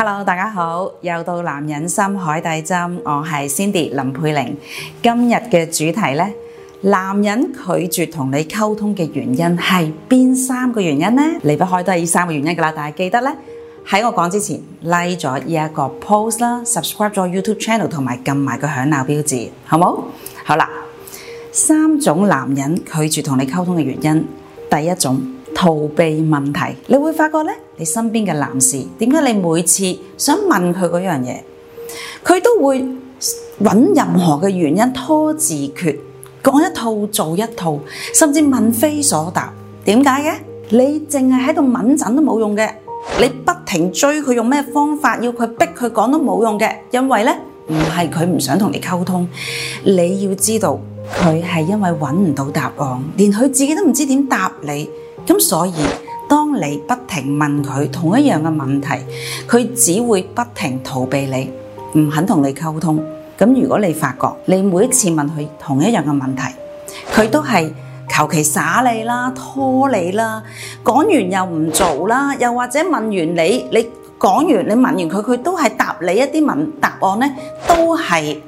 Hello，大家好，又到男人心海底針，我係 Cindy 林佩玲。今日嘅主題呢，男人拒絕同你溝通嘅原因係邊三個原因呢？離不開都係呢三個原因㗎喇。但係記得呢，喺我講之前 like 咗呢一個 post 啦，subscribe 咗 YouTube channel 同埋撳埋個響鬧標誌，好冇？好啦，三種男人拒絕同你溝通嘅原因，第一種。逃避問題，你會發覺呢，你身邊嘅男士點解你每次想問佢嗰樣嘢，佢都會揾任何嘅原因拖字訣，講一套做一套，甚至問非所答。點解嘅？你淨係喺度問診都冇用嘅。你不停追佢，用咩方法要佢逼佢講都冇用嘅，因為呢，唔係佢唔想同你溝通。你要知道佢係因為揾唔到答案，連佢自己都唔知點答你。咁所以，當你不停問佢同一樣嘅問題，佢只會不停逃避你，唔肯同你溝通。咁如果你發覺你每一次問佢同一樣嘅問題，佢都係求其耍你啦、拖你啦，講完又唔做啦，又或者問完你，你講完你問完佢，佢都係答你一啲問答案呢，都係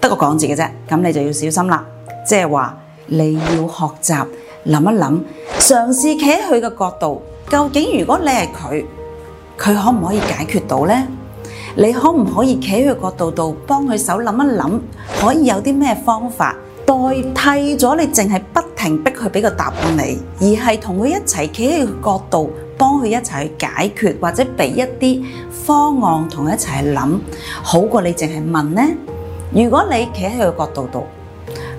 得個講字嘅啫。咁你就要小心啦，即係話你要學習。諗一諗，嘗試企喺佢嘅角度，究竟如果你係佢，佢可唔可以解決到呢？你可唔可以企喺佢角度度，幫佢手諗一諗，可以有啲咩方法代替咗你，淨係不停逼佢俾個答案你，而係同佢一齊企喺佢角度，幫佢一齊去解決，或者俾一啲方案同佢一齊諗，好過你淨係問呢。如果你企喺佢角度度，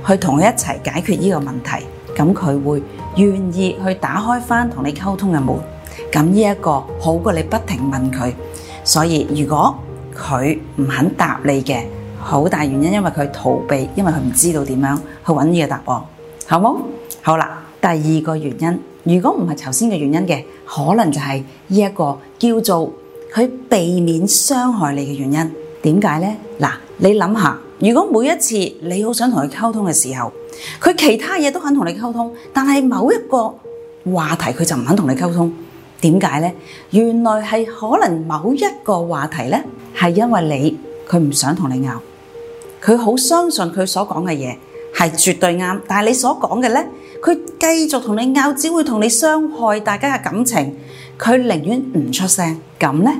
去同佢一齊解決呢個問題，咁佢會願意去打開返同你溝通嘅門，咁呢一個好過你不停問佢。所以如果佢唔肯答你嘅，好大原因因為佢逃避，因為佢唔知道點樣去搵呢個答案，好冇？好啦，第二個原因，如果唔係頭先嘅原因嘅，可能就係呢一個叫做佢避免傷害你嘅原因。點解咧？嗱，你諗下，如果每一次你好想同佢溝通嘅時候，佢其他嘢都肯同你溝通，但係某一個話題佢就唔肯同你溝通，點解呢？原來係可能某一個話題呢，係因為你，佢唔想同你拗，佢好相信佢所講嘅嘢係絕對啱，但係你所講嘅呢，佢繼續同你拗只會同你傷害大家嘅感情，佢寧願唔出聲，咁呢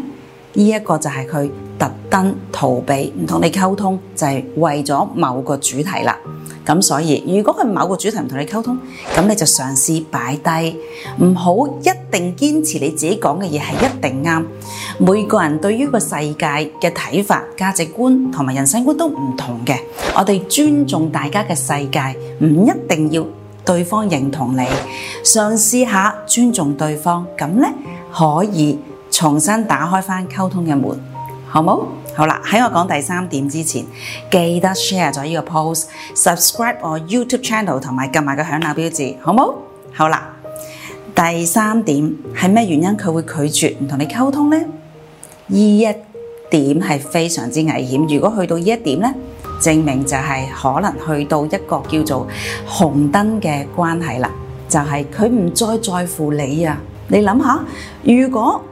呢一個就係佢特登逃避唔同你溝通，就係為咗某個主題啦。咁所以，如果佢某個主題唔同你溝通，咁你就嘗試擺低，唔好一定堅持你自己講嘅嘢係一定啱。每個人對於個世界嘅睇法、價值觀同埋人生觀都唔同嘅，我哋尊重大家嘅世界，唔一定要對方認同你，嘗試下尊重對方，咁咧可以重新打開翻溝通嘅門。好冇？好啦，喺我講第三點之前，記得 share 咗呢個 post，subscribe 我 YouTube channel 同埋撳埋個響鈕標誌，好冇？好啦，第三點係咩原因佢會拒絕唔同你溝通呢？呢一點係非常之危險。如果去到呢一點呢，證明就係可能去到一個叫做紅燈嘅關係啦。就係佢唔再在乎你啊！你諗下，如果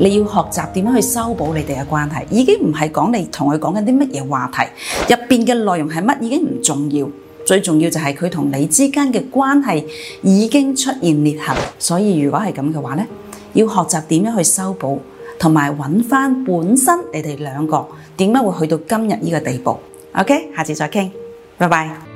你要學習點樣去修補你哋嘅關係，已經唔係講你同佢講緊啲乜嘢話題，入面嘅內容係乜已經唔重要，最重要就係佢同你之間嘅關係已經出現裂痕，所以如果係咁嘅話呢，要學習點樣去修補，同埋揾返本身你哋兩個點解會去到今日呢個地步？OK，下次再傾，拜拜。